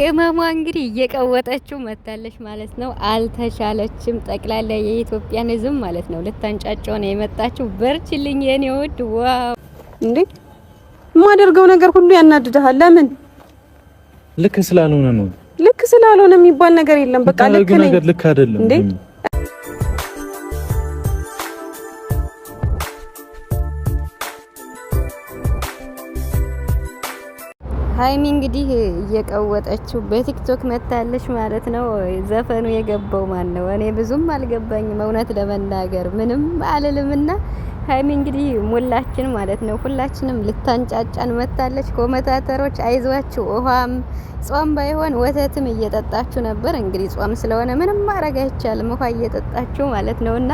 ቅመሟ እንግዲህ እየቀወጠችው መታለች ማለት ነው። አልተቻለችም። ጠቅላላ የኢትዮጵያን ሕዝብ ማለት ነው ልታንጫጫው ነው የመጣችው። በርችልኝ የኔ ውድ። ዋው እንዴ! የማደርገው ነገር ሁሉ ያናድድሃል። ለምን? ልክ ስላልሆነ ነው። ልክ ስላልሆነ የሚባል ነገር የለም። በቃ ልክ ነኝ። ልክ አይደለም እንዴ ሀይሚ እንግዲህ እየቀወጠችው በቲክቶክ መታለች ማለት ነው። ዘፈኑ የገባው ማን ነው? እኔ ብዙም አልገባኝም እውነት ለመናገር ምንም አልልምና ሀይሚ እንግዲህ ሙላችን ማለት ነው ሁላችንም ልታንጫጫን መታለች። ኮመታተሮች አይዟችሁ፣ ውሃም ጾም ባይሆን ወተትም እየጠጣችሁ ነበር። እንግዲህ ጾም ስለሆነ ምንም ማድረግ አይቻልም፣ ውሃ እየጠጣችሁ ማለት ነውና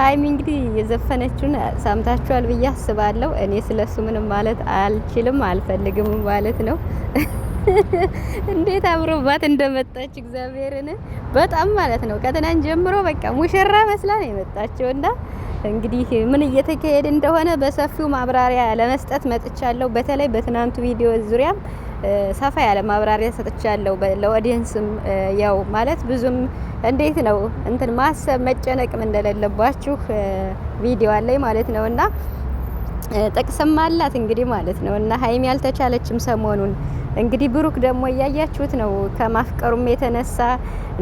ሀይሚ እንግዲህ የዘፈነችውን ሰምታችኋል ብዬ አስባለሁ። እኔ ስለሱ ምንም ማለት አልችልም አልፈልግም ማለት ነው። እንዴት አምሮባት እንደመጣች እግዚአብሔርን በጣም ማለት ነው። ከትናንት ጀምሮ በቃ ሙሽራ መስላ ነው የመጣችው እና እንግዲህ ምን እየተካሄደ እንደሆነ በሰፊው ማብራሪያ ለመስጠት መጥቻለሁ። በተለይ በትናንቱ ቪዲዮ ዙሪያም ሰፋ ያለ ማብራሪያ ሰጥቻለሁ። ለኦዲየንስም ያው ማለት ብዙም እንዴት ነው እንትን ማሰብ መጨነቅም እንደሌለባችሁ ቪዲዮ አለኝ ማለት ነው እና ጥቅስም አላት እንግዲህ ማለት ነው እና ሀይሚ ያልተቻለችም ሰሞኑን እንግዲህ ብሩክ ደግሞ እያያችሁት ነው። ከማፍቀሩም የተነሳ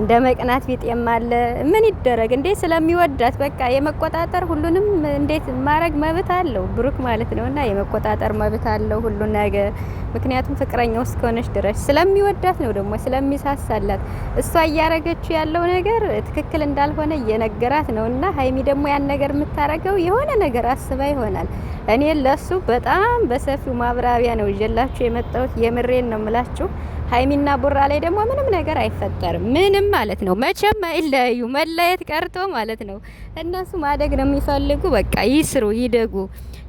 እንደ መቅናት ቢጤም አለ። ምን ይደረግ እንዴ ስለሚወዳት በቃ የመቆጣጠር ሁሉንም እንዴት ማድረግ መብት አለው ብሩክ ማለት ነውና የመቆጣጠር መብት አለው ሁሉ ነገር። ምክንያቱም ፍቅረኛው እስከሆነች ድረስ ስለሚወዳት ነው ደግሞ ስለሚሳሳላት። እሷ እያረገችው ያለው ነገር ትክክል እንዳልሆነ እየነገራት ነውና ሀይሚ ደግሞ ያን ነገር የምታረገው የሆነ ነገር አስባ ይሆናል። እኔ ለሱ በጣም በሰፊው ማብራሪያ ነው ይዤላችሁ የመጣሁት የምሬ እውነቴን ነው ምላችሁ ሀይሚና ቡራ ላይ ደግሞ ምንም ነገር አይፈጠርም። ምንም ማለት ነው። መቼም አይለያዩ መለየት ቀርቶ ማለት ነው። እነሱ ማደግ ነው የሚፈልጉ። በቃ ይስሩ፣ ይደጉ።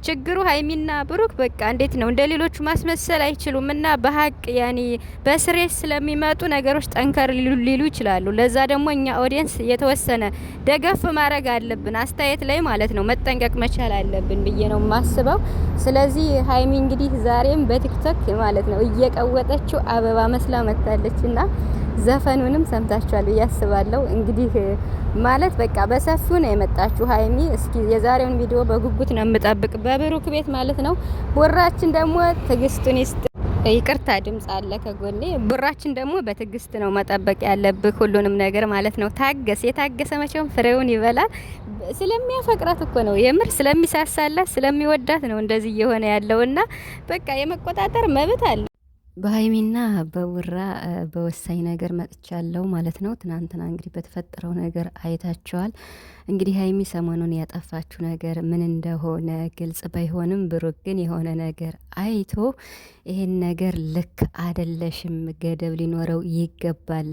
ችግሩ ሀይሚና ብሩክ በቃ እንዴት ነው እንደ ሌሎቹ ማስመሰል አይችሉም እና በሀቅ ያኔ በስሬስ ስለሚመጡ ነገሮች ጠንከር ሊሉ ይችላሉ። ለዛ ደግሞ እኛ ኦዲየንስ የተወሰነ ደገፍ ማድረግ አለብን፣ አስተያየት ላይ ማለት ነው መጠንቀቅ መቻል አለብን ብዬ ነው ማስበው። ስለዚህ ሀይሚ እንግዲህ ዛሬም በቲክቶክ ማለት ነው እየቀወጠችው አበባ መስላ መጥታለች እና ዘፈኑንም ሰምታችኋል ብዬ እንግዲህ ማለት በቃ በሰፊው ነው የመጣችሁ ሀይሚ። እስኪ የዛሬውን ቪዲዮ በጉጉት ነው የምጠብቅ በብሩክ ቤት ማለት ነው። ቦራችን ደግሞ ትግስቱን ይስጥ። ይቅርታ ድምጽ አለ ከጎኔ። ብራችን ደግሞ በትግስት ነው መጠበቅ ያለብህ ሁሉንም ነገር ማለት ነው። ታገስ። የታገሰ መቼም ፍሬውን ይበላል። ስለሚያፈቅራት እኮ ነው የምር ስለሚሳሳላት ስለሚወዳት ነው እንደዚህ እየሆነ ያለውና በቃ የመቆጣጠር መብት አለ። በሀይሚና በቡራ በወሳኝ ነገር መጥቻለሁ ማለት ነው። ትናንትና እንግዲህ በተፈጠረው ነገር አይታችኋል። እንግዲህ ሀይሚ ሰሞኑን ያጠፋችው ነገር ምን እንደሆነ ግልጽ ባይሆንም ብሩክ ግን የሆነ ነገር አይቶ ይህን ነገር ልክ አደለሽም፣ ገደብ ሊኖረው ይገባል፣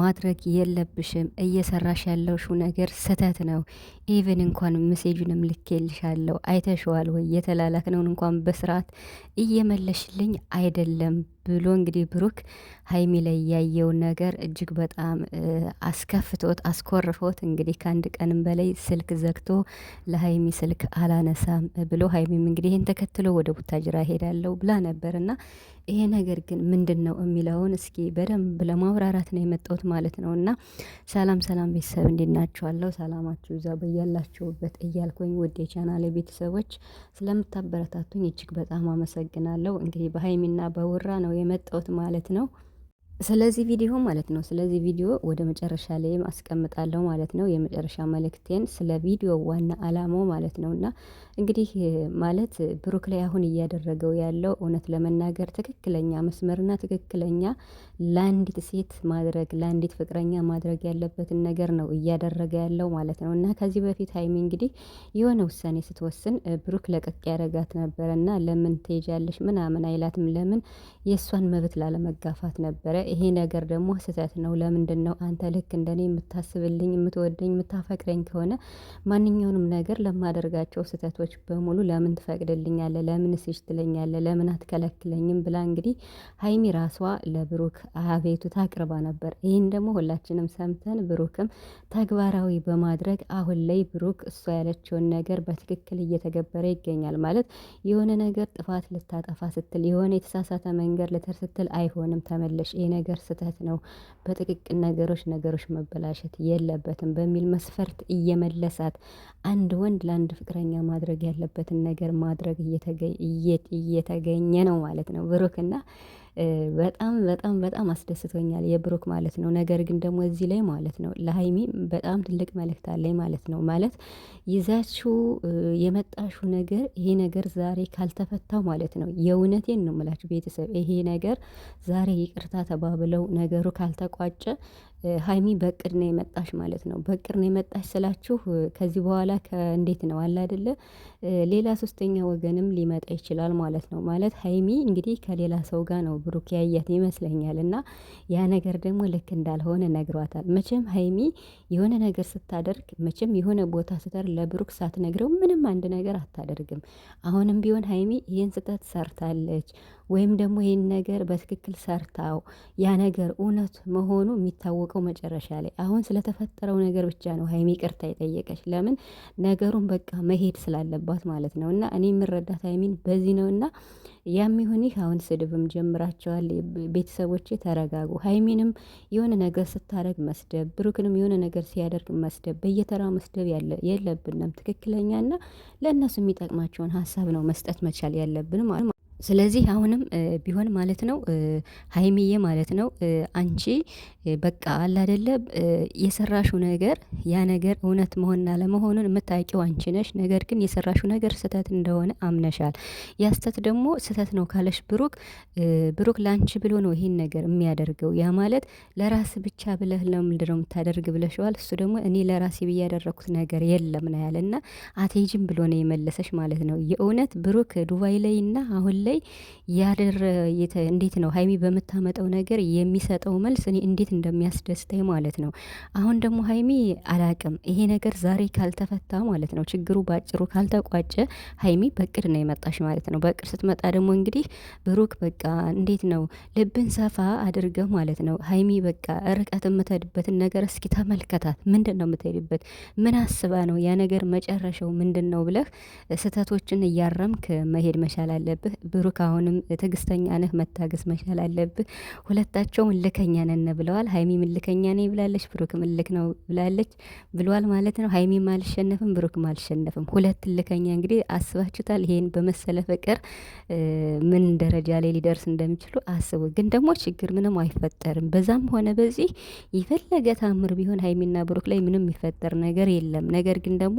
ማድረግ የለብሽም፣ እየሰራሽ ያለሽው ነገር ስህተት ነው፣ ኢቨን እንኳን መሴጁንም ልኬልሻለሁ አይተሸዋል ወይ የተላላክነውን እንኳን በስርዓት እየመለሽልኝ አይደለም ብሎ እንግዲህ ብሩክ ሀይሚ ላይ ያየውን ነገር እጅግ በጣም አስከፍቶት አስኮርፎት እንግዲህ ከአንድ ቀንም በላይ ስልክ ዘግቶ ለሀይሚ ስልክ አላነሳም ብሎ ሀይሚም እንግዲህ ይህን ተከትሎ ወደ ቡታጅራ ሄዳለሁ ብላ ነበር እና ይሄ ነገር ግን ምንድን ነው የሚለውን እስኪ በደንብ ለማብራራት ነው የመጣሁት ማለት ነው። እና ሰላም ሰላም ቤተሰብ እንዴት ሰላማችሁ ይዛ በያላችሁበት እያልኩኝ ውድ የቻናል ቤተሰቦች ስለምታበረታቱኝ እጅግ በጣም አመሰግናለሁ። እንግዲህ በሀይሚና በውራ ነው የመጣሁት ማለት ነው። ስለዚህ ቪዲዮ ማለት ነው። ስለዚህ ቪዲዮ ወደ መጨረሻ ላይ አስቀምጣለሁ ማለት ነው። የመጨረሻ መልእክቴን ስለ ቪዲዮ ዋና አላማው ማለት ነው እና እንግዲህ ማለት ብሩክ ላይ አሁን እያደረገው ያለው እውነት ለመናገር ትክክለኛ መስመርና ትክክለኛ ለአንዲት ሴት ማድረግ ለአንዲት ፍቅረኛ ማድረግ ያለበትን ነገር ነው እያደረገ ያለው ማለት ነው እና ከዚህ በፊት ሀይሚ እንግዲህ የሆነ ውሳኔ ስትወስን ብሩክ ለቀቅ ያደረጋት ነበረ እና ለምን ትሄጃለሽ ምናምን አይላትም። ለምን የእሷን መብት ላለመጋፋት ነበረ ይሄ ነገር ደግሞ ስህተት ነው። ለምንድን ነው አንተ ልክ እንደኔ የምታስብልኝ የምትወደኝ የምታፈቅረኝ ከሆነ ማንኛውንም ነገር ለማደርጋቸው ስህተቶች በሙሉ ለምን ትፈቅድልኛለ? ለምን ስጅ ትለኛለ? ለምን አትከለክለኝም? ብላ እንግዲህ ሀይሚ ራሷ ለብሩክ አቤቱታ አቅርባ ነበር። ይህን ደግሞ ሁላችንም ሰምተን ብሩክም ተግባራዊ በማድረግ አሁን ላይ ብሩክ እሷ ያለችውን ነገር በትክክል እየተገበረ ይገኛል። ማለት የሆነ ነገር ጥፋት ልታጠፋ ስትል የሆነ የተሳሳተ መንገድ ልተር ስትል አይሆንም ተመለሽ ነገር ስህተት ነው። በጥቅቅን ነገሮች ነገሮች መበላሸት የለበትም በሚል መስፈርት እየመለሳት አንድ ወንድ ለአንድ ፍቅረኛ ማድረግ ያለበትን ነገር ማድረግ እየተገኘ ነው ማለት ነው። ብሩክና በጣም በጣም በጣም አስደስቶኛል የብሩክ ማለት ነው። ነገር ግን ደግሞ እዚህ ላይ ማለት ነው ለሀይሚ በጣም ትልቅ መልእክት አለኝ ማለት ነው። ማለት ይዛችሁ የመጣሹ ነገር ይሄ ነገር ዛሬ ካልተፈታው ማለት ነው የእውነቴን ነው የምላችሁ ቤተሰብ ይሄ ነገር ዛሬ ይቅርታ ተባብለው ነገሩ ካልተቋጨ ሀይሚ በቅድ ነው የመጣሽ ማለት ነው። በቅድ ነው የመጣሽ ስላችሁ ከዚህ በኋላ ከእንዴት ነው አለ አይደለ ሌላ ሶስተኛ ወገንም ሊመጣ ይችላል ማለት ነው። ማለት ሀይሚ እንግዲህ ከሌላ ሰው ጋር ነው ብሩክ ያያት ይመስለኛል። እና ያ ነገር ደግሞ ልክ እንዳልሆነ ነግሯታል። መቼም ሀይሚ የሆነ ነገር ስታደርግ መቼም የሆነ ቦታ ስተር ለብሩክ ሳትነግረው ምንም አንድ ነገር አታደርግም። አሁንም ቢሆን ሀይሚ ይህን ስህተት ሰርታለች ወይም ደግሞ ይህን ነገር በትክክል ሰርታው ያ ነገር እውነት መሆኑ የሚታወቀው መጨረሻ ላይ። አሁን ስለተፈጠረው ነገር ብቻ ነው ሀይሚ ይቅርታ የጠየቀች። ለምን ነገሩን በቃ መሄድ ስላለባት ማለት ነው። እና እኔ የምረዳት ሀይሚን በዚህ ነው። እና ያም ይሁን ይህ አሁን ስድብም ጀምራቸዋል። ቤተሰቦቼ ተረጋጉ። ሀይሚንም የሆነ ነገር ስታደርግ መስደብ፣ ብሩክንም የሆነ ነገር ሲያደርግ መስደብ፣ በየተራ መስደብ የለብንም። ትክክለኛና ለእነሱ የሚጠቅማቸውን ሀሳብ ነው መስጠት መቻል ያለብን ማለት ስለዚህ አሁንም ቢሆን ማለት ነው ሀይሚዬ ማለት ነው አንቺ በቃ አላደለ የሰራሹ የሰራሽው ነገር ያ ነገር እውነት መሆን ለመሆኑን የምታውቂው አንቺ ነሽ። ነገር ግን የሰራሽው ነገር ስህተት እንደሆነ አምነሻል። ያ ስህተት ደግሞ ስህተት ነው ካለሽ ብሩክ ብሩክ ለአንቺ ብሎ ነው ይሄን ነገር የሚያደርገው። ያ ማለት ለራስ ብቻ ብለህ ለምንድን ነው የምታደርግ ብለሽዋል። እሱ ደግሞ እኔ ለራሴ ብዬ ነገር የለም ነው ያለና አቴጅም ብሎ ነው የመለሰሽ ማለት ነው። የእውነት ብሩክ ዱባይ ላይና አሁን ላይ ያደር እንዴት ነው ሀይሚ በምታመጠው ነገር የሚሰጠው መልስ እኔ እንዴት እንደሚያስደስተኝ ማለት ነው። አሁን ደግሞ ሀይሚ አላቅም ይሄ ነገር ዛሬ ካልተፈታ ማለት ነው ችግሩ ባጭሩ ካልተቋጨ ሀይሚ በቅድ ነው የመጣሽ ማለት ነው። በቅድ ስትመጣ ደግሞ እንግዲህ ብሩክ በቃ እንዴት ነው ልብን ሰፋ አድርገ ማለት ነው ሀይሚ በቃ ርቀት የምትሄድበትን ነገር እስኪ ተመልከታት። ምንድን ነው የምትሄድበት? ምን አስባ ነው ያ ነገር መጨረሻው ምንድን ነው ብለህ ስህተቶችን እያረምክ መሄድ መቻል አለብህ። ብሩክ አሁንም ትግስተኛ ነህ፣ መታገስ መቻል አለብህ። ሁለታቸውም እልከኛ ነን ብለዋል። ሀይሚም እልከኛ ነኝ ብላለች፣ ብሩክም እልክ ነው ብላለች ብለዋል ማለት ነው። ሀይሚም አልሸነፍም፣ ብሩክም አልሸነፍም። ሁለት እልከኛ እንግዲህ አስባችሁታል። ይሄን በመሰለ ፍቅር ምን ደረጃ ላይ ሊደርስ እንደሚችሉ አስቡ። ግን ደግሞ ችግር ምንም አይፈጠርም። በዛም ሆነ በዚህ የፈለገ ታምር ቢሆን ሀይሚና ብሩክ ላይ ምንም የሚፈጠር ነገር የለም። ነገር ግን ደግሞ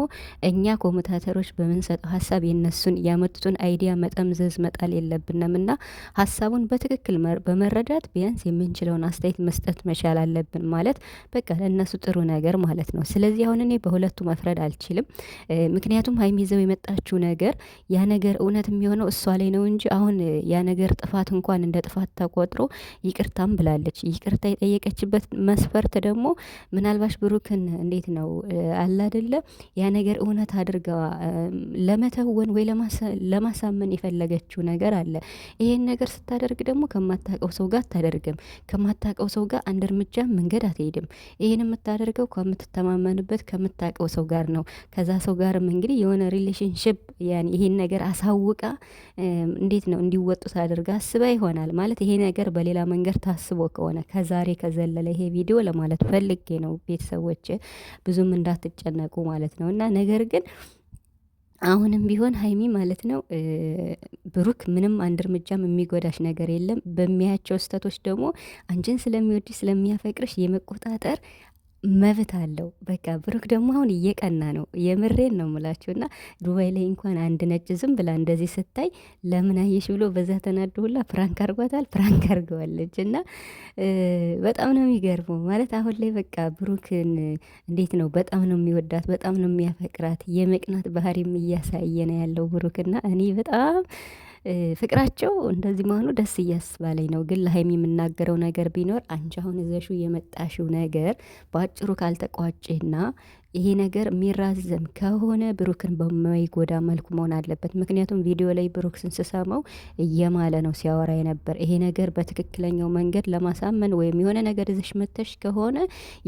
እኛ ኮሙታተሮች በምንሰጠው ሀሳብ የነሱን ያመጡትን አይዲያ መጠምዘዝ መጣ መቀጠል የለብንም እና ሀሳቡን በትክክል በመረዳት ቢያንስ የምንችለውን አስተያየት መስጠት መቻል አለብን። ማለት በቃ ለእነሱ ጥሩ ነገር ማለት ነው። ስለዚህ አሁን እኔ በሁለቱ መፍረድ አልችልም። ምክንያቱም ሀይሚ ይዘው የመጣችው ነገር ያ ነገር እውነት የሚሆነው እሷ ላይ ነው እንጂ አሁን ያ ነገር ጥፋት እንኳን እንደ ጥፋት ተቆጥሮ ይቅርታም ብላለች። ይቅርታ የጠየቀችበት መስፈርት ደግሞ ምናልባሽ ብሩክን እንዴት ነው አላደለ ያ ነገር እውነት አድርጋ ለመተወን ወይ ለማሳመን የፈለገችው ነገር ነገር አለ። ይሄን ነገር ስታደርግ ደግሞ ከማታቀው ሰው ጋር አታደርግም። ከማታቀው ሰው ጋር አንድ እርምጃ መንገድ አትሄድም። ይሄን የምታደርገው ከምትተማመንበት ከምታቀው ሰው ጋር ነው። ከዛ ሰው ጋርም እንግዲህ የሆነ ሪሌሽንሽፕ ያን ይሄን ነገር አሳውቃ እንዴት ነው እንዲወጡ ሳደርግ አስበ ይሆናል ማለት ይሄ ነገር በሌላ መንገድ ታስቦ ከሆነ ከዛሬ ከዘለለ ይሄ ቪዲዮ ለማለት ፈልጌ ነው ቤተሰቦች ብዙም እንዳትጨነቁ ማለት ነው እና ነገር ግን አሁንም ቢሆን ሀይሚ ማለት ነው ብሩክ ምንም አንድ እርምጃም የሚጎዳሽ ነገር የለም። በሚያያቸው ስህተቶች ደግሞ አንቺን ስለሚወድሽ ስለሚያፈቅርሽ የመቆጣጠር መብት አለው። በቃ ብሩክ ደግሞ አሁን እየቀና ነው። የምሬን ነው የምላችሁ። እና ዱባይ ላይ እንኳን አንድ ነጭ ዝም ብላ እንደዚህ ስታይ ለምን አየሽ ብሎ በዛ ተናዱ ሁላ ፕራንክ አርጓታል፣ ፕራንክ አርገዋለች። እና በጣም ነው የሚገርመው ማለት አሁን ላይ በቃ ብሩክን እንዴት ነው በጣም ነው የሚወዳት፣ በጣም ነው የሚያፈቅራት። የመቅናት ባህሪም እያሳየ ነው ያለው ብሩክና እኔ በጣም ፍቅራቸው እንደዚህ መሆኑ ደስ እያስባለኝ ነው። ግን ለሀይሚ የምናገረው ነገር ቢኖር አንቺ አሁን ይዘሽው የመጣሽው ነገር በአጭሩ ካልተቋጭና ይሄ ነገር የሚራዘም ከሆነ ብሩክን በማይጎዳ መልኩ መሆን አለበት። ምክንያቱም ቪዲዮ ላይ ብሩክስን ስሰማው እየማለ ነው ሲያወራ የነበር። ይሄ ነገር በትክክለኛው መንገድ ለማሳመን ወይም የሆነ ነገር ይዘሽ መተሽ ከሆነ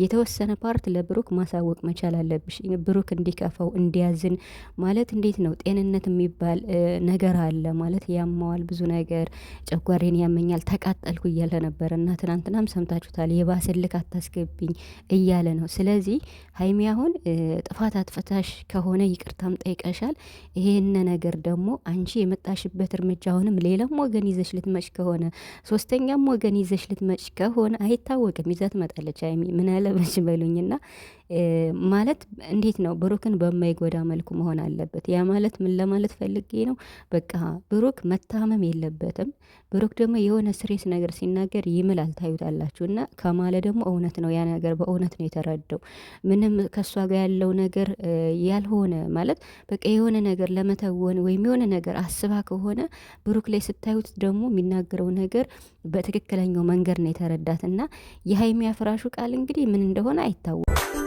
የተወሰነ ፓርት ለብሩክ ማሳወቅ መቻል አለብሽ። ብሩክ እንዲከፋው እንዲያዝን ማለት እንዴት ነው ጤንነት የሚባል ነገር አለ ማለት ያማዋል፣ ብዙ ነገር ጨጓሬን ያመኛል፣ ተቃጠልኩ እያለ ነበር እና ትናንትናም ሰምታችሁታል። የባስልክ አታስገብኝ እያለ ነው። ስለዚህ ሀይሚ አሁን ጥፋት አጥፍተሽ ከሆነ ይቅርታም ጠይቀሻል። ይሄን ነገር ደግሞ አንቺ የመጣሽበት እርምጃ አሁንም ሌላም ወገን ይዘሽ ልትመጭ ከሆነ ሶስተኛም ወገን ይዘሽ ልትመጭ ከሆነ አይታወቅም፣ ይዛ ትመጣለች። አይ ምን ያለበች በሉኝና ማለት እንዴት ነው ብሩክን በማይጎዳ መልኩ መሆን አለበት። ያ ማለት ምን ለማለት ፈልጌ ነው፣ በቃ ብሩክ መታመም የለበትም። ብሩክ ደግሞ የሆነ ስሬስ ነገር ሲናገር ይምላል ታዩታላችሁ። እና ከማለ ደግሞ እውነት ነው ያ ነገር በእውነት ነው የተረዳው። ምንም ከእሷ ጋር ያለው ነገር ያልሆነ ማለት በቃ የሆነ ነገር ለመተወን ወይም የሆነ ነገር አስባ ከሆነ ብሩክ ላይ ስታዩት ደግሞ የሚናገረው ነገር በትክክለኛው መንገድ ነው የተረዳት እና የሀይሚ አፍራሹ ቃል እንግዲህ ምን እንደሆነ አይታወቅም።